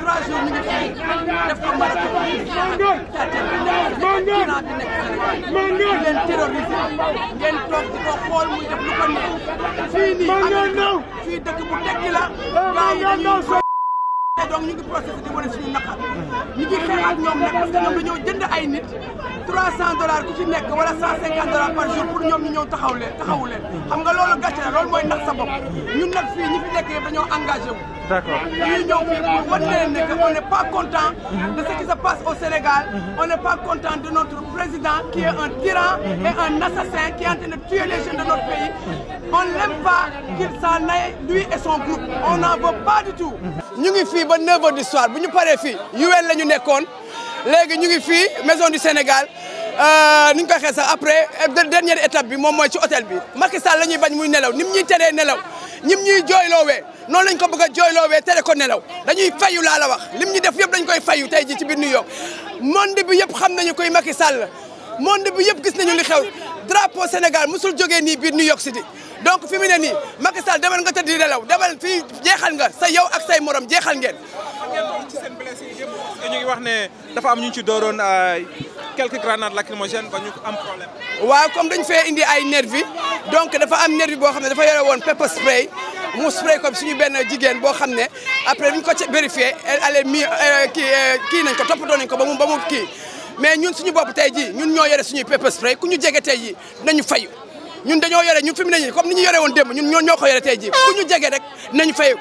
trois jours ñu ngi fii def ko sa ko ngeen leen terrorisé ngeen toog di ko xool def lu ko fii nii am fii dëkk bu tekki la gaa donc ñu ngi processé di wane suñu naqar ñu ngi xeex ak ñoom nag parce que ñoom dañoo jënd ay nit 300 dollars ku ci nekk wala 150 dollars par jour pour ñoom ñu ñëw taxaw leen xam nga loolu gàcce loolu mooy ñun nag fii ñi fi nekk yëpp dañoo engagé wu. fii que on n' est pas content. Mhm. de ce qui se passe au Sénégal. Mhm. on n' est mhm. pas ñu ngi fii ba 9 bu ñu paree fii UN la ñu nekkoon léegi ñu ngi fii maison du Sénégal. Euh, ni ñu ko waxee sax après dernière étape bi moom mooy ci hôtel bi Macky Sall la ñuy bañ muy nelaw ni mu ñuy teree nelaw ñim ñuy jooyloowee noonu lañ ko bëgg a jooyloowee tere ko nelaw dañuy fayu laa la wax lim ñi def yëpp dañ koy fayu tey ji ci biir New York monde bu yëpp xam nañu koy Macky Sall monde bi yëpp gis nañu li xew drapeau Sénégal musul jógee nii biir New York City donc fi mu ne nii Macky Sall demal nga tëdd nelaw demal fi jeexal nga sa yow ak say morom jeexal ngeen. ñu ne dafa am ñu ci dooroon euh, quelques grenades lacrymogènes ba ñu am problème. waaw comme dañ fee indi ay nervi donc dafa am nervi boo xam ne dafa yore woon pepper spray mu spray comme suñu benn jigéen boo xam ne après bi ko ca vérifié allez mi kii kii nañ ko toppatoo nañ ko ba mu ba mu kii mais ñun suñu bopp tey jii ñun ñoo yore suñu pepper spray ku ñu jege te jii nañu fayu ñun dañoo yore ñun fi mu ne nii comme ni ñu yore woon démb ñun ñoo ñoo ko yore tey jii ku ñu jege rek nañu fayu.